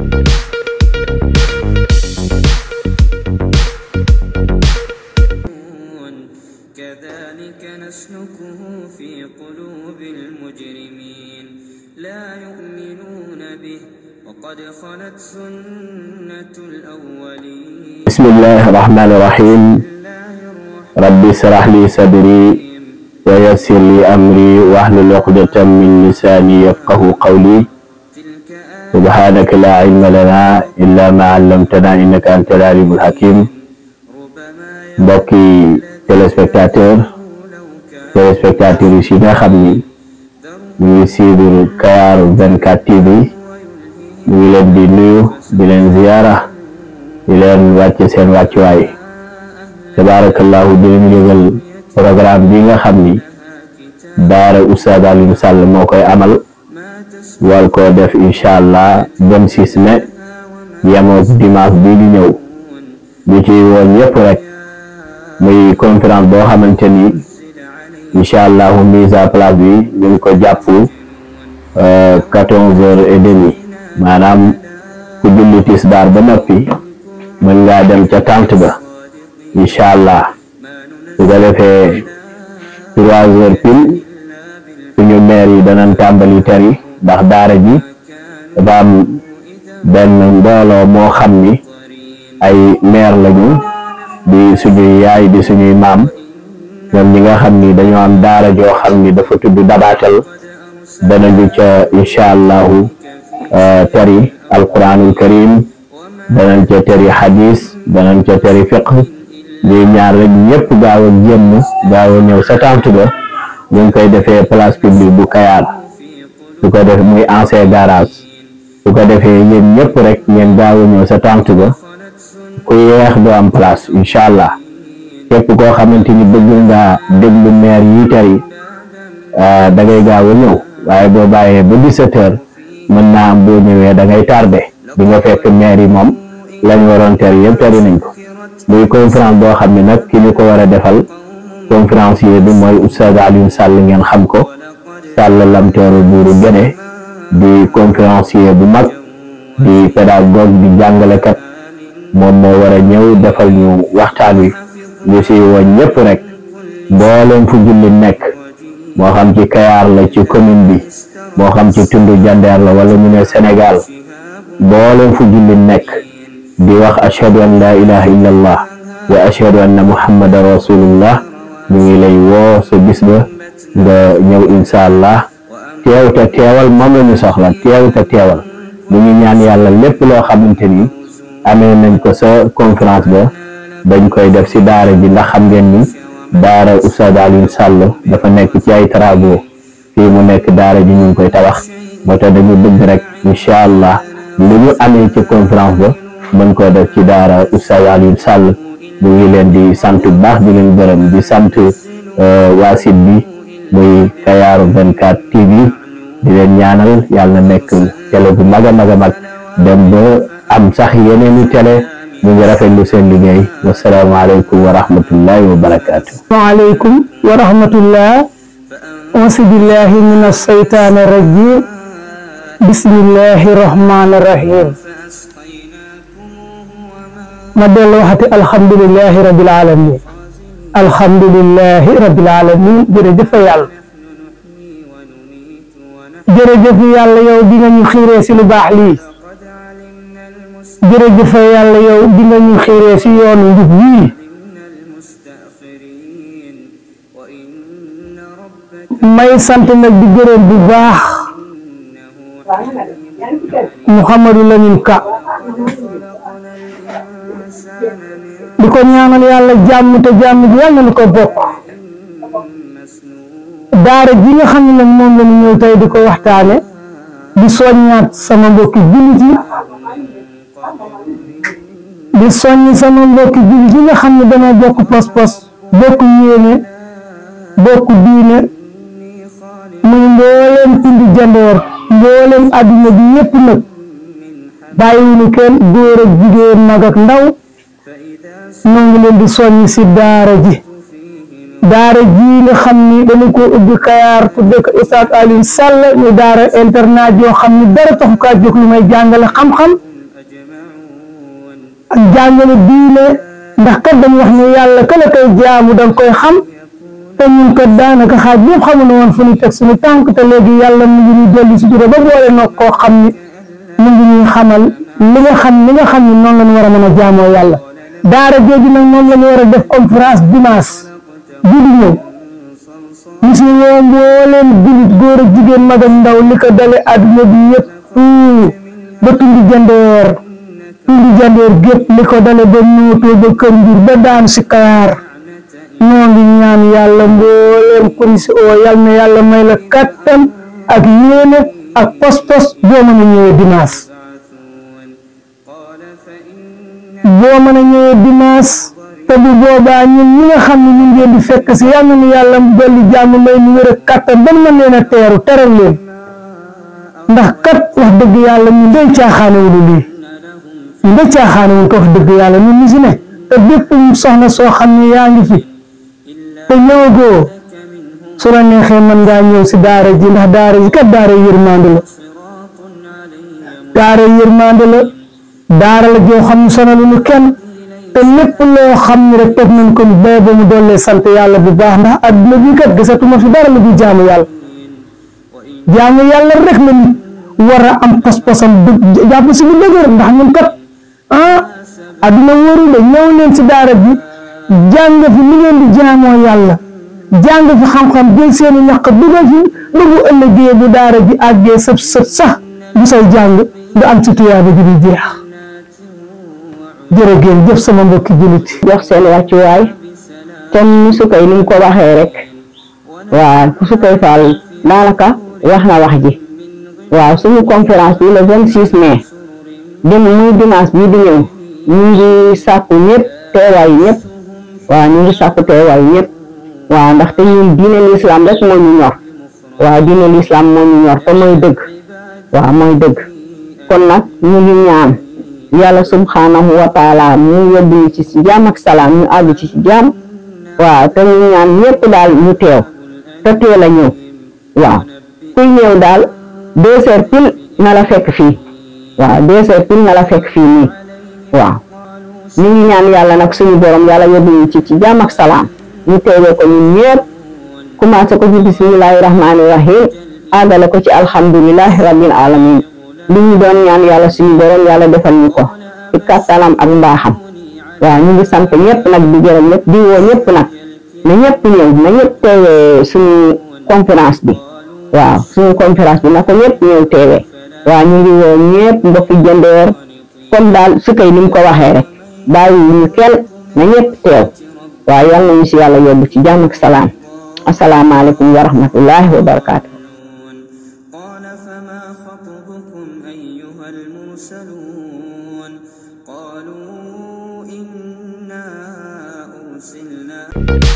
كذلك نسلكه في قلوب المجرمين لا يؤمنون به وقد خلت سنة الأولين بسم الله الرحمن الرحيم رب اشرح لي صدري ويسر لي أمري واهل عقدة من لساني يفقه قولي سبحانك لا علم لنا إلا ما علمتنا إنك أنت العليم الحكيم mbokki téléspectateur téléspectateur yi si nga xam ni ñu ngi suivre Kawar 24 TV ñu ngi leen di nuyu di leen ziyaara di leen wàcce seen wàccuwaay tabarakallahu di leen yëgal programme bi nga xam ni daara Oustaz Alioune Sall moo koy amal war koo def incha allah dem six mai yemook dimanche bii di ñëw ñu ci woon yëpp rek muy conférence boo xamante ni incha allah mise à place bi ñu ko jàpp euh, quatorze heures et demi maanaam ku julli tisbaar ba noppi mën ngaa dem ca tente ba incha allah su ko defee trois heures pile suñu maire yi danañ tàmbali tari ndax daara ji dafa am benn mbooloo moo xam ni ay meer lañu di suñuy yaay di suñuy maam ñoom ñi nga xam ni dañoo am daara joo xam ni dafa tudd dabaatal danañu ca incha allahu euh, tari alquranul karim danañ ca tari xadis danañ ca tari fiqh lii ñaar rek ñëpp gaaw a génn ñëw sa ba ñu koy defee place publique bu Kayaar su ko def muy ancien garage su ko defee yéen ñëpp rek ngeen gaaw a ñëw sa tànt ba ku yeex doo am place incha allah képp koo xamante ni bëgg nga déglu maire yi tari euh, da ngay gaaw a ñëw waaye boo bàyyee ba 17 heures mën naa am boo ñëwee da ngay tardé bi nga fekk maire yi moom lañ waroon tari yëpp tari nañ ko muy conférence boo xam ne nag ki ñu ko war a defal conférencier bi mooy Oustaz Alioune Sall ngeen xam ko Sall Lamtooro buuru Guédé di conférencier bu mag di pédagogue di jàngalekat moom moo war a ñëw defal ñu waxtaan wi ñu si woon ñëpp rek mboolem fu jullit nekk moo xam ci Kayaar la ci commune bi moo xam ci tundu Jandeer la wala ñu ne Sénégal mboolem fu jullit nekk di wax ashhadu an laa ilaha illallah wa ashhadu anna muhammadan rasulullah ñu ngi lay woo sa bis nga ñëw incha allah teew teewal moom la soxla teew te teewal ñu ñaan yàlla lépp loo xamante ni amee nañ ko sa conférence ba dañ koy def si daara ji ndax xam ngeen ni daara Oustaz Alioune Sall dafa nekk ci ay travaux mu nekk daara ji ñu ngi koy tabax moo tax dañu bëgg rek allah lu ñu amee ci conférence ba mën koo def ci daara Oustaz Alioune Sall ñu leen di sant bu baax di leen gërëm di sant euh, waa site bi. muy kayaru 24 TV di len ñaanal yalla nek télé bu maga maga mag dem ba am sax yeneenu télé mu ngi lu seen liggéey alaykum wa rahmatullahi wa wa alaykum wa rahmatullah wa sibillahi min asseytaani rajim bismillahirrahmanirrahim ma dellu waxati alhamdulillahi rabbil alamin الحمد لله رب العالمين جري جفيال جري جفيال ليو دينا نخيري سي لباح لي جري جفيال ليو دينا نخيري سي يون جفوي ماي سانت نك دي جري بباح محمد الله نمكا di ko ñaanal yàlla jàmm te jàmm ji yàlla na ko bokk daara ji nga xam ne moom la ñu ñëw tey di ko waxtaane di soññaat sama mbokki jullit yi di soññ sama mbokki jullit yi nga xam ne dana bokk pos-pos bokk yéene bokk diine muy mbooleem pindi jandoor mbooleem adduna bi yépp nag bàyyiwuñu kenn góor ak jigéen mag ndaw ñoo ngi leen di soññ si daara ji daara ji xam ni dañu ko ubbi Kayaar tuddee ko Oustaz Alioune Sall ñu daara internat yoo xam ni dara taxu kaa jóg lu may jàngale xam-xam ak jàngale diine ndax kat dañu wax ne yàlla ka la jaamu da koy xam te ñun kat daanaka xaaj yëpp xamuñu woon fu ñu teg suñu tànk te léegi yàlla mu ngi koo xam ni mu ngi ñuy xamal li nga xam li nga xam ni noonu la ñu war a mën yàlla daara jooju nak moom la ñu war def conférence dimanche bi di ñëw ñu nga ñoo bi jullit góor ak jigen mag ak ndaw li dalé aduna bi yépp ba tundi jandeer tundi jandeer gépp liko dalé ba nuutoo ba kër ngir ba daan ci kaar ñoo ngi ñaan yalla mbooleem ko ni ci o yalla may la katam ak yene ak pos-pos boo mën a dimanche boo mën a ñëwee dimanche te bu boobaa ñun ñi nga xam ne ñun ngeen di fekk si yàlla nu yàlla dolli jàmm may ñu wër ak kàttan ban mën leen a teeru teral leen ndax kat wax dëgg yàlla ñu day caaxaanewuñu lii ñu day caaxaanewuñ ko wax dëgg yàlla ñun ñu si ne te bépp soxna soo xam ne yaa ngi fi te ñëw ñëwagoo su la neexee mën ngaa ñëw si daara ji ndax daara ji kat daara yërmande la daara yërmande la daaral jo xam lu kenn te lepp lo xam ne rek tok nañ ko bobu mu dolle sant yalla bu baax ndax adduna bi kat gisatuma fi dara lu jaamu yalla jaamu yalla rek la nit wara am pas-pasam du japp ci bu dëgër ndax ñun kat ah aduna woru de ñew leen ci daara bi jang fi mi ngeen di jaamoo yalla jang fi xam-xam jël seeni ñaq dugal fi ba bu ëllëgee bu daara bi àggee sëb sëb sax bu say jang du am ci tuyaaba ji di jeex jërëgéen jëf sama mbokki jullit jox seen wàccuwaay comme sukay ni mu ko waxee rek waaw su sukay faal daanaka wax na wax ji waaw suñu conférence bi le vingt six mai dem muy dimanche bii di ñëw ñu ngi sàkku ñëpp teewaayu ñëpp waaw ñu ngi sàkku teewaayu ñëpp waaw ndaxte ñun diine lislaam rek moo ñor waaw diine lislaam moo ñor te mooy dëgg waaw mooy dëgg kon nag ñu ngi ñaan yàlla ya subhanahu wa taala mu yóbbu ya ci ci jam ak salam ñu ag ci ci jam wa te ñu ñaan ñëpp dal ñu teew te teel a ñu wa ku ñew dal do heures pile na la fekk fi wa do heures pile na la fekk fi ni wa ñu ngi ñaan yalla nak suñu borom yalla yóbbu ñu ci ci jam ak salam ñu teewee ko ñun ñëpp commencé ko ci bismillahir rahmanir rahim àggale ko ci alhamdulillahir rabbil alamin li doon ñaan yalla suñu borom yalla defal ñu ko ci kattalam ak mbaxam wa ñu ngi sant ñepp nak di jëral nah, nah, ñepp di wo ñepp nak na ñepp ñew na ñepp teewee suñu conférence bi wa suñu conférence bi nak ko ñepp ñew teewee wa ñu ngi wo ñepp mbokk jëndeer kon dal su kay nim ko waxé rek bayyi ñu kel na ñepp teew wa yalla ñu ci yalla yobbu ci jamm ak salam assalamu alaykum wa rahmatullahi wa barakatuh يعلمون قالوا إنا أرسلنا